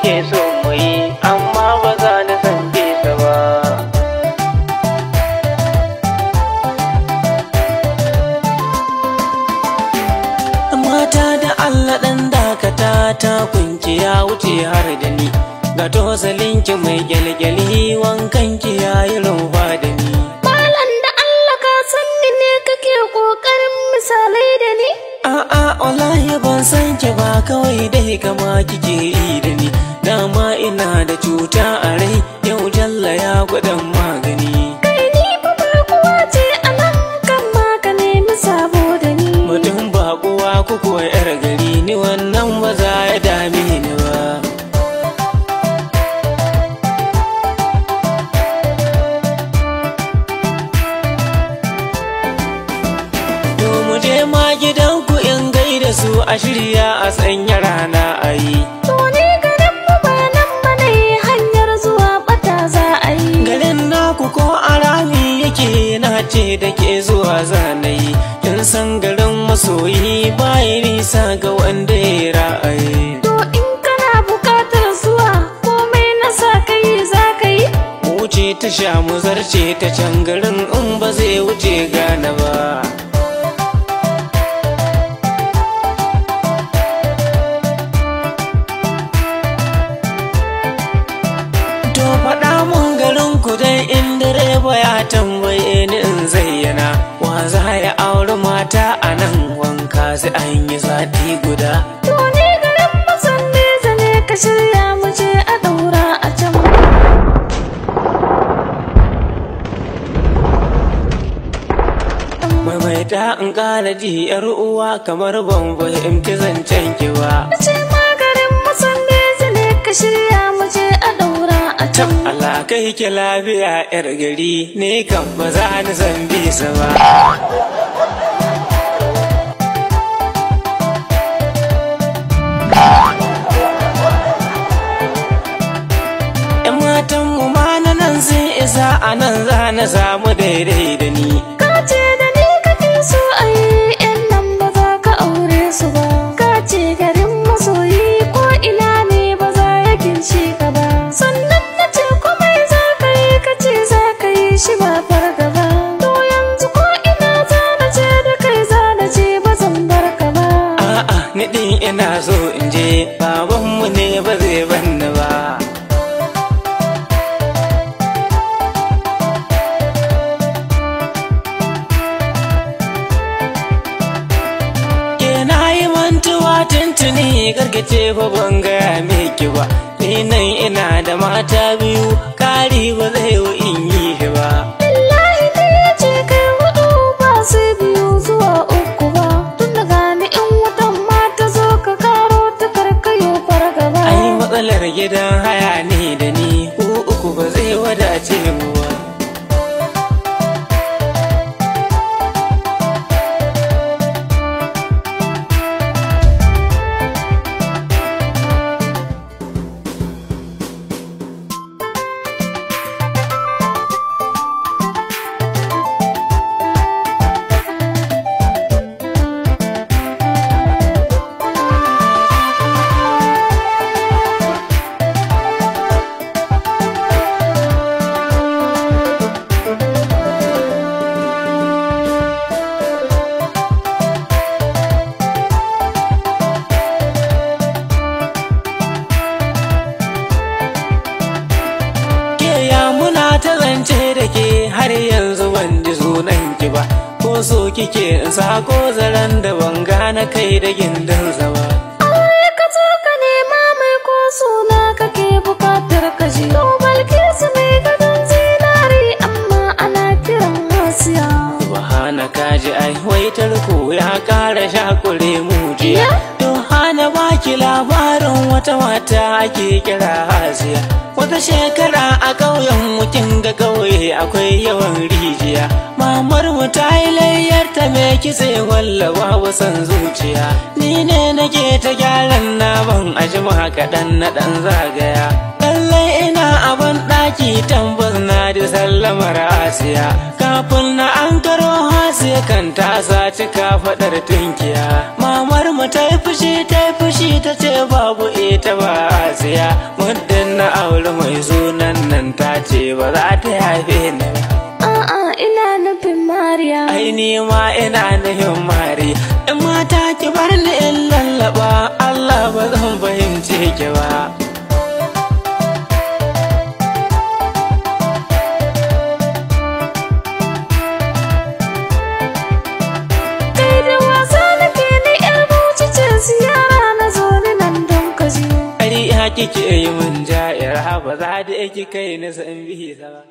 nake so mu yi amma ba za na ta ba mata da Allah ɗan dakata ta kunki ya wuce har da ni ga tosalinki mai kyalkyali wankanki ya yi rawa da cuta a rai yau jalla ya gwadon magani kai ni fa ba kuwa ce a nan kan magani mu sabo da ni mutum ba kuwa ku yar gari ni wannan ba za ya dame ni ba to mu je ma gidanku in gaida su a shirya a sanya rana a yi ku ko rami yake na ce da ke zuwa zanayi kin san garin masoyi bayan nisa ga wanda ya ra'ayi to in kana bukatar zuwa komai na sa kai za ka yi wuce ta sha mu zarce ta can garin in ba zai wuce gane ba tambaye ni in zayyana wa za ya auri mata a nan wanka sai an yi guda to garin musulmi zane ka shirya mu a daura a can maimaita in kara ji yar uwa kamar ban fahimci zancen ki ba ce garin musulmi zane ka shirya tab Allah kai ke lafiya yar gari ne kan ba za ni zan bi sa ba Yan matan mu ma na nan sun isa a nan za na samu daidai da ni niɗin ina so in je babanmu ne ba zai banni ba na yi mantuwa tuntuni gargace ko ban gaya mai ba ni nan ina da mata biyu kari ba zai in ছিল ce da ke har yanzu ban ji sunan ki ba ko so kike in sako zaren da ban gane kai da gindin zama ai ka zo ka nema mai ko na kake bukatar ka ji to balkisu ne gadon zinari amma ana kiran wasiya subhana ka ji ai waitar ya kara shakure jiya. to hana ki labarin wata mata ake kira hasiya wata shekara a ƙauyen mutum ga sai eh, akwai yawan rijiya mamar mu ta yi layyar ta me kitse wallawa wasan zuciya ni ne nake ta gyaran naman a jima kaɗan na ɗan zagaya lallai ina abin ɗaki tambas na da sallamar asiya kafin na an karo hasiya kan ta saci kafaɗar tunkiya mamar mu ta yi fushi ta yi fushi ta ce babu ita ba asiya muddin na auri mai sunan nan ta ce ba za ta haife ni a'a ina nufin mariya ai ni ma ina nufin mariya in mata ki bar ni in lallaba Allah ba zan fahimce ki ba kike yi mun ja'ir ba za da yake kai na san bihi ba